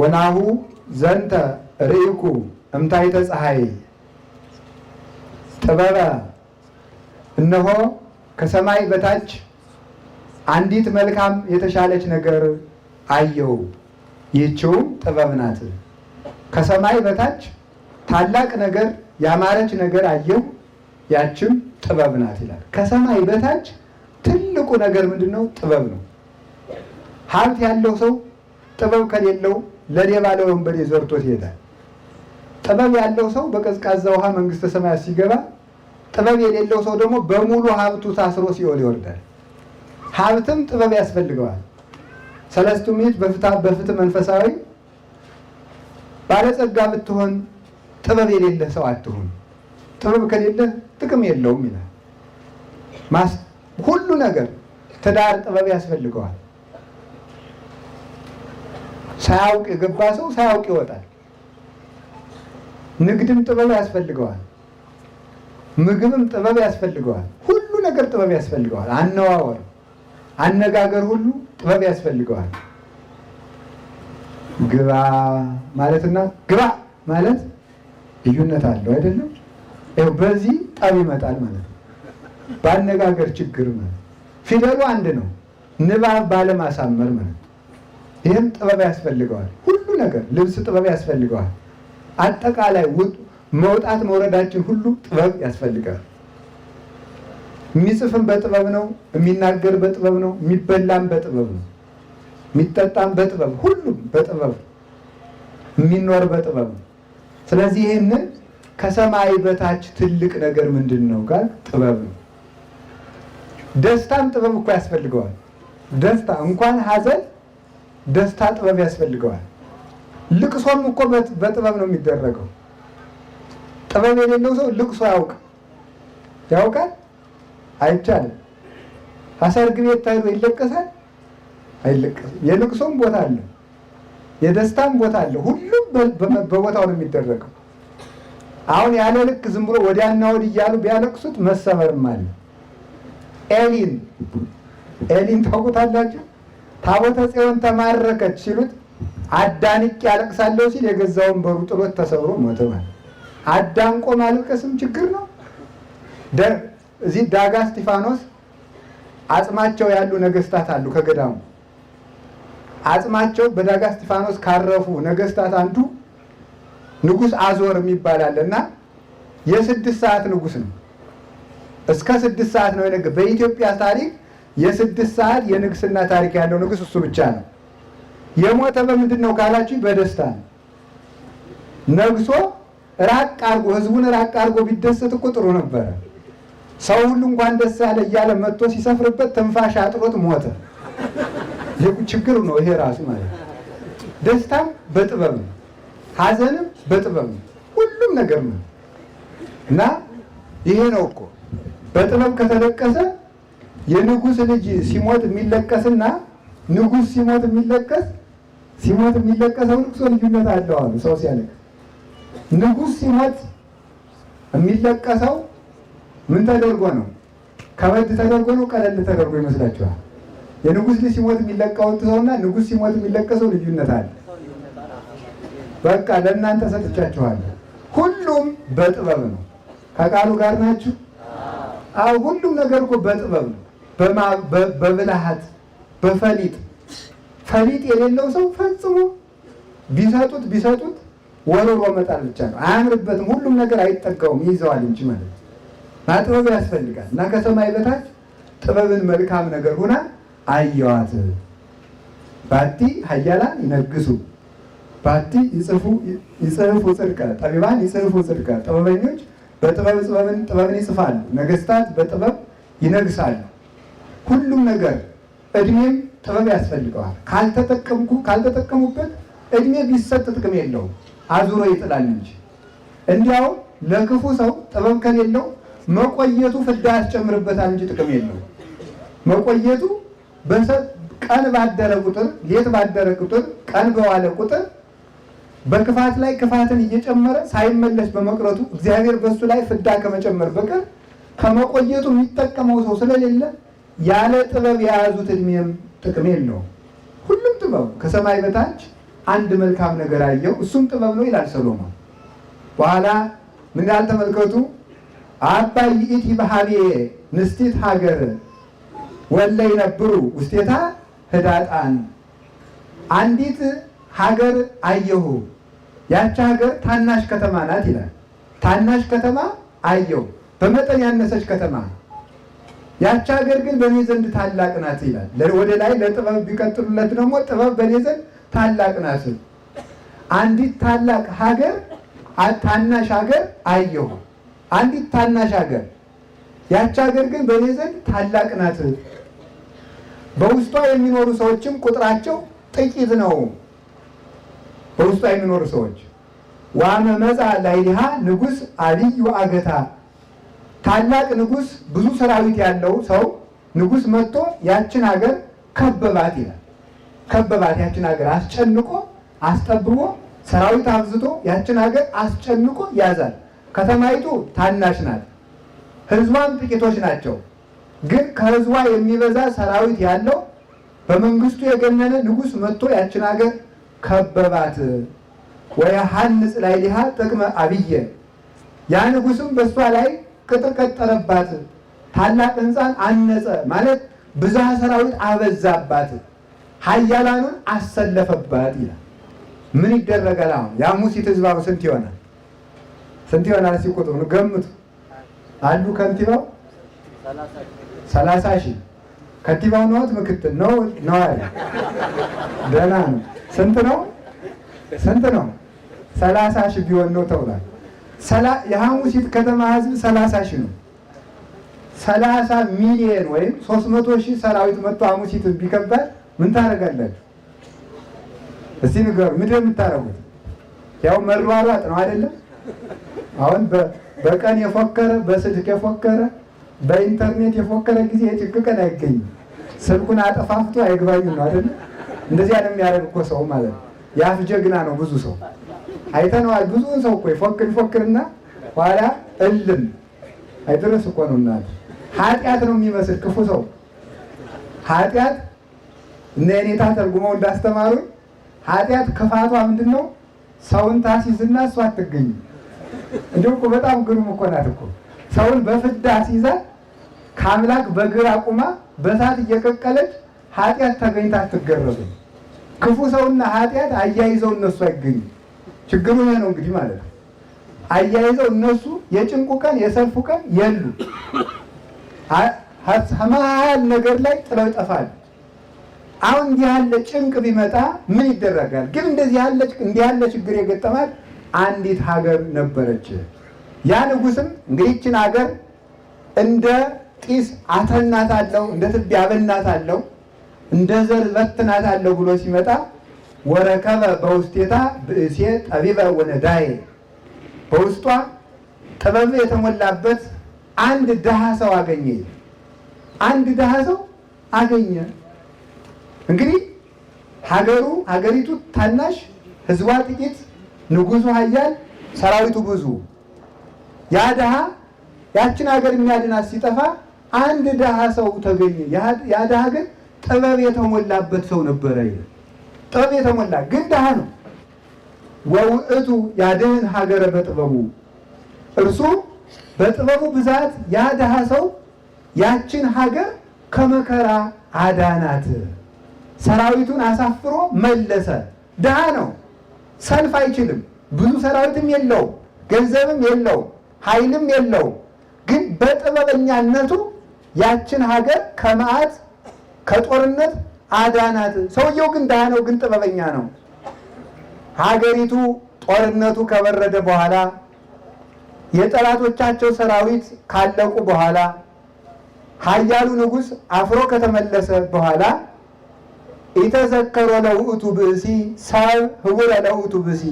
ወናሁ ዘንተ ርኢኩ እምታይተ ፀሐይ ጥበበ እነሆ ከሰማይ በታች አንዲት መልካም የተሻለች ነገር አየው። ይህችውም ጥበብ ናት። ከሰማይ በታች ታላቅ ነገር ያማረች ነገር አየው። ያችም ጥበብ ናት ይላል። ከሰማይ በታች ትልቁ ነገር ምንድን ነው? ጥበብ ነው። ሀብት ያለው ሰው ጥበብ ከሌለው ለሌባ ለወንበዴ ዘርቶት ይሄዳል። ጥበብ ያለው ሰው በቀዝቃዛ ውሃ መንግስተ ሰማያት ሲገባ፣ ጥበብ የሌለው ሰው ደግሞ በሙሉ ሀብቱ ታስሮ ሲኦል ይወርዳል። ሀብትም ጥበብ ያስፈልገዋል። ሰለስቱ ምዕት በፍትህ መንፈሳዊ ባለጸጋ ብትሆን ጥበብ የሌለህ ሰው አትሁን። ጥበብ ከሌለህ ጥቅም የለውም ይላል። ሁሉ ነገር ትዳር ጥበብ ያስፈልገዋል። ሳያውቅ የገባ ሰው ሳያውቅ ይወጣል። ንግድም ጥበብ ያስፈልገዋል። ምግብም ጥበብ ያስፈልገዋል። ሁሉ ነገር ጥበብ ያስፈልገዋል። አነዋወር፣ አነጋገር ሁሉ ጥበብ ያስፈልገዋል። ግባ ማለትና ግባ ማለት ልዩነት አለው አይደለም? በዚህ ጠብ ይመጣል ማለት ነው። በአነጋገር ችግር ማለት ፊደሉ አንድ ነው፣ ንባብ ባለማሳመር ማለት ይህም ጥበብ ያስፈልገዋል። ሁሉ ነገር ልብስ ጥበብ ያስፈልገዋል። አጠቃላይ መውጣት መውረዳችን ሁሉ ጥበብ ያስፈልጋል። የሚጽፍም በጥበብ ነው፣ የሚናገር በጥበብ ነው፣ የሚበላም በጥበብ ነው፣ የሚጠጣም በጥበብ ሁሉም በጥበብ የሚኖር በጥበብ ነው። ስለዚህ ይህንን ከሰማይ በታች ትልቅ ነገር ምንድን ነው ጋር ጥበብ ነው። ደስታም ጥበብ እኮ ያስፈልገዋል። ደስታ እንኳን ሀዘን ደስታ ጥበብ ያስፈልገዋል። ልቅሶም እኮ በጥበብ ነው የሚደረገው። ጥበብ የሌለው ሰው ልቅሶ ያውቃል ያውቃል አይቻልም። አሰርግ ቤት ታይቶ ይለቀሳል አይለቀስም። የልቅሶም ቦታ አለ፣ የደስታም ቦታ አለ። ሁሉም በቦታው ነው የሚደረገው። አሁን ያለ ልክ ዝም ብሎ ወዲያና ወዲህ እያሉ ቢያለቅሱት መሰበርም አለ። ኤሊን ኤሊን ታውቁታላችሁ? ታቦተ ጽዮን ተማረከች ሲሉት አዳንቄ ያለቅሳለሁ ሲል የገዛውን በሩ ጥሎት ተሰብሮ ሞተ። ማለት አዳንቆ ማልቀስም ችግር ነው። እዚህ ዳጋ እስጢፋኖስ አጽማቸው ያሉ ነገስታት አሉ። ከገዳሙ አጽማቸው በዳጋ እስጢፋኖስ ካረፉ ነገስታት አንዱ ንጉስ አዞር የሚባል አለ እና የስድስት ሰዓት ንጉስ ነው። እስከ ስድስት ሰዓት ነው የነገ በኢትዮጵያ ታሪክ የስድስት ሰዓት የንግስና ታሪክ ያለው ንጉስ እሱ ብቻ ነው። የሞተ በምንድን ነው ካላችሁ በደስታ ነው። ነግሶ ራቅ አርጎ ህዝቡን ራቅ አርጎ ቢደሰት እኮ ጥሩ ነበረ። ሰው ሁሉ እንኳን ደስ ያለ እያለ መጥቶ ሲሰፍርበት ትንፋሽ አጥሮት ሞተ። ችግሩ ነው ይሄ ራሱ ማለት ደስታም በጥበብ ነው፣ ሀዘንም በጥበብ ነው፣ ሁሉም ነገር ነው እና ይሄ ነው እኮ በጥበብ ከተለቀሰ የንጉስ ልጅ ሲሞት የሚለቀስና ንጉስ ሲሞት የሚለቀስ ሲሞት የሚለቀሰው ልቅሶ ልዩነት አለው አሉ። ሰው ሲያለቅ ንጉስ ሲሞት የሚለቀሰው ምን ተደርጎ ነው? ከበድ ተደርጎ ነው? ቀለል ተደርጎ ይመስላችኋል? የንጉስ ልጅ ሲሞት የሚለቀውት ሰውና ንጉስ ሲሞት የሚለቀሰው ልዩነት አለ። በቃ ለእናንተ ሰጥቻችኋለሁ። ሁሉም በጥበብ ነው። ከቃሉ ጋር ናችሁ። አዎ ሁሉም ነገር እኮ በጥበብ ነው። በብልሃት በፈሊጥ ፈሊጥ የሌለው ሰው ፈጽሞ ቢሰጡት ቢሰጡት ወሮሮ መጣል ብቻ ነው። አያምርበትም። ሁሉም ነገር አይጠጋውም፣ ይይዘዋል እንጂ ማለት ነው። ማጥበብ ያስፈልጋል እና ከሰማይ በታች ጥበብን መልካም ነገር ሁና አየዋት። ባቲ ሀያላን ይነግሱ ባቲ ይጽፉ ጽድቀ ጠቢባን ይጽፉ ጽድቀ ጥበበኞች በጥበብ ጥበብን ይጽፋሉ። ነገስታት በጥበብ ይነግሳሉ። ሁሉም ነገር እድሜም ጥበብ ያስፈልገዋል። ካልተጠቀምኩ ካልተጠቀሙበት እድሜ ቢሰጥ ጥቅም የለውም፣ አዙሮ ይጥላል እንጂ። እንዲያው ለክፉ ሰው ጥበብ ከሌለው መቆየቱ ፍዳ ያስጨምርበታል እንጂ ጥቅም የለው። መቆየቱ ቀን ባደረ ቁጥር ሌት ባደረ ቁጥር ቀን በዋለ ቁጥር በክፋት ላይ ክፋትን እየጨመረ ሳይመለስ በመቅረቱ እግዚአብሔር በሱ ላይ ፍዳ ከመጨመር በቀር ከመቆየቱ የሚጠቀመው ሰው ስለሌለ ያለ ጥበብ የያዙት እድሜም ጥቅም የለውም። ሁሉም ጥበብ ከሰማይ በታች አንድ መልካም ነገር አየው፣ እሱም ጥበብ ነው ይላል ሰሎሞን። በኋላ ምን ያህል ተመልከቱ። አባይ ይእቲ ባህብየ ንስቲት ሀገር ወለ ይነብሩ ውስቴታ ህዳጣን። አንዲት ሀገር አየሁ፣ ያቺ ሀገር ታናሽ ከተማ ናት ይላል። ታናሽ ከተማ አየሁ፣ በመጠን ያነሰች ከተማ ያች ሀገር ግን በእኔ ዘንድ ታላቅ ናት ይላል። ወደ ላይ ለጥበብ ቢቀጥሉለት ደግሞ ጥበብ በእኔ ዘንድ ታላቅ ናት። አንዲት ታላቅ ሀገር ታናሽ ሀገር አየሁ። አንዲት ታናሽ ሀገር ያች ሀገር ግን በእኔ ዘንድ ታላቅ ናት። በውስጧ የሚኖሩ ሰዎችም ቁጥራቸው ጥቂት ነው። በውስጧ የሚኖሩ ሰዎች ዋመ መጻ ላይሊሃ ንጉሥ አልዩ አገታ ታላቅ ንጉስ ብዙ ሰራዊት ያለው ሰው ንጉስ መጥቶ ያችን ሀገር ከበባት ይላል። ከበባት ያችን ሀገር አስጨንቆ አስጠብቦ ሰራዊት አብዝቶ ያችን ሀገር አስጨንቆ ያዛል። ከተማይቱ ታናሽ ናት፣ ህዝቧም ጥቂቶች ናቸው። ግን ከህዝቧ የሚበዛ ሰራዊት ያለው በመንግስቱ የገነነ ንጉስ መጥቶ ያችን ሀገር ከበባት። ላይ ሊሃ ጥቅመ አብየ ያ ንጉስም በእሷ ላይ ቅጥር ቀጠረባት፣ ታላቅ ህንፃን አነጸ ማለት ብዝሃ ሰራዊት አበዛባት፣ ሀያላኑን አሰለፈባት ይላል። ምን ይደረጋል? አሁን የአሙሲት ህዝብ አሁን ስንት ይሆናል? ስንት ይሆናል? ሲቁጥሩ ገምቱ። አንዱ ከንቲባው ሰላሳ ሺህ ከንቲባው ነዎት፣ ምክትል ነው ነዋሪ ደህና ነው። ስንት ነው? ስንት ነው? ሰላሳ ሺህ ቢሆን ነው ተብሏል። የሐሙሲት ከተማ ህዝብ ሰላሳ ሺህ ነው። ሰላሳ ሚሊየን ወይም ሶስት መቶ ሺህ ሰራዊት መጥቶ ሐሙሲት ቢከባድ ምን ታደርጋላችሁ? እስቲ ንገሩ። ምንድን የምታደርጉት? ያው መሯሯጥ ነው አይደለም? አሁን በቀን የፎከረ በስልክ የፎከረ በኢንተርኔት የፎከረ ጊዜ የጭቅ ቀን አይገኝም። ስልኩን አጠፋፍቶ አይግባኝም ነው አይደለ? እንደዚያ ነው የሚያደርግ እኮ ሰው ማለት ነው። የአፍ ጀግና ነው ብዙ ሰው አይተነዋል። ብዙውን ሰው እኮ ይፎክር ይፎክርና ኋላ እልም አይደረስ እኮ ነው። እናት ኃጢአት ነው የሚመስል ክፉ ሰው ኃጢአት እነ የኔታ ተርጉመው እንዳስተማሩ ኃጢአት ክፋቷ ምንድን ነው? ሰውን ታሲዝና እሷ አትገኝም። እንዲሁ እኮ በጣም ግሩም እኮ ናት እኮ ሰውን በፍዳ ሲይዛ ከአምላክ በግር አቁማ በሳት እየቀቀለች ኃጢአት ተገኝታ አትገረብም። ክፉ ሰውና ኃጢአት አያይዘው እነሱ አይገኙም። ችግሩ ይሄ ነው እንግዲህ ማለት ነው። አያይዘው እነሱ የጭንቁ ቀን የሰልፉ ቀን የሉ ሀማል ነገር ላይ ጥለው ይጠፋል። አሁን እንዲህ ያለ ጭንቅ ቢመጣ ምን ይደረጋል? ግን እንደዚህ ያለ እንዲህ ያለ ችግር የገጠማት አንዲት ሀገር ነበረች። ያ ንጉስም እንግዲህ ይችን ሀገር እንደ ጢስ አለው እንደ ትቢያ አለው እንደ ዘር አለው ብሎ ሲመጣ ወረከበ በውስጤታ ብእሴ ጠቢበ ወነዳዬ በውስጧ ጥበብ የተሞላበት አንድ ድሃ ሰው አገኘ። አንድ ድሃ ሰው አገኘ። እንግዲህ ሀገሩ ሀገሪቱ ታናሽ፣ ህዝቧ ጥቂት፣ ንጉሱ ኃያል፣ ሰራዊቱ ብዙ። ያ ድሃ ያችን ሀገር የሚያድናት ሲጠፋ አንድ ድሃ ሰው ተገኘ። ያ ድሃ ግን ጥበብ የተሞላበት ሰው ነበረ። ጥበብ የተሞላ ግን ድሃ ነው። ወውእቱ ያድህን ሀገረ በጥበቡ እርሱ በጥበቡ ብዛት ያ ሰው ያችን ሀገር ከመከራ አዳናት። ሰራዊቱን አሳፍሮ መለሰ። ድሃ ነው፣ ሰልፍ አይችልም፣ ብዙ ሰራዊትም የለው፣ ገንዘብም የለው፣ ኃይልም የለው። ግን በጥበበኛነቱ ያችን ሀገር ከመዓት ከጦርነት አዳናት። ሰውየው ግን ድሃ ነው፣ ግን ጥበበኛ ነው። ሀገሪቱ ጦርነቱ ከበረደ በኋላ የጠላቶቻቸው ሰራዊት ካለቁ በኋላ ኃያሉ ንጉሥ አፍሮ ከተመለሰ በኋላ የተዘከረ ለውእቱ ብእሲ ሰብ ህውረ ለውእቱ ብእሲ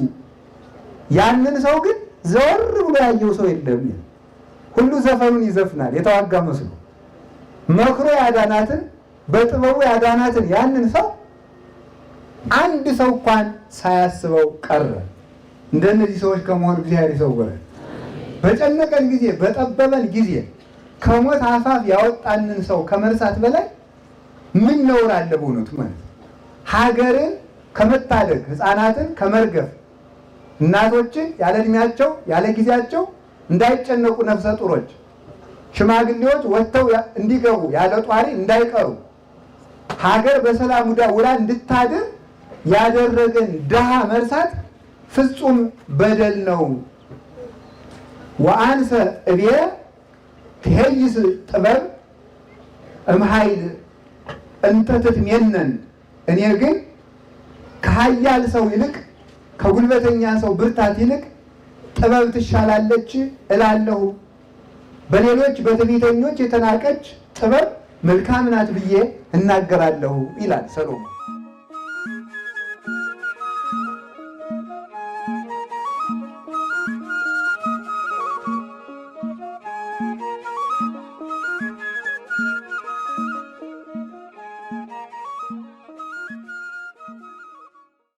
ያንን ሰው ግን ዘወር ብሎ ያየው ሰው የለም። ሁሉ ዘፈኑን ይዘፍናል የተዋጋ መስሎ መክሮ ያዳናትን በጥበቡ ያዳናትን ያንን ሰው አንድ ሰው እንኳን ሳያስበው ቀረ። እንደነዚህ ሰዎች ከመሆን እግዚአብሔር ይሰውረን። በጨነቀን ጊዜ፣ በጠበበን ጊዜ ከሞት አፋፍ ያወጣንን ሰው ከመርሳት በላይ ምን ነውር አለ? በእውነቱ ማለት ሀገርን ከመታደግ ህፃናትን ከመርገፍ እናቶችን ያለ እድሜያቸው ያለ ጊዜያቸው እንዳይጨነቁ ነፍሰ ጡሮች ሽማግሌዎች ወጥተው እንዲገቡ ያለ ጧሪ እንዳይቀሩ ሀገር በሰላም ውላ እንድታድር ያደረገን ድሃ መርሳት ፍጹም በደል ነው። ወአንሰ እቤ ትሄይስ ጥበብ እምሀይል እንተ ትትሜነን። እኔ ግን ከሀያል ሰው ይልቅ ከጉልበተኛ ሰው ብርታት ይልቅ ጥበብ ትሻላለች እላለሁ። በሌሎች በትዕቢተኞች የተናቀች ጥበብ መልካም ናት ብዬ እናገራለሁ ይላል ሰሎሞን።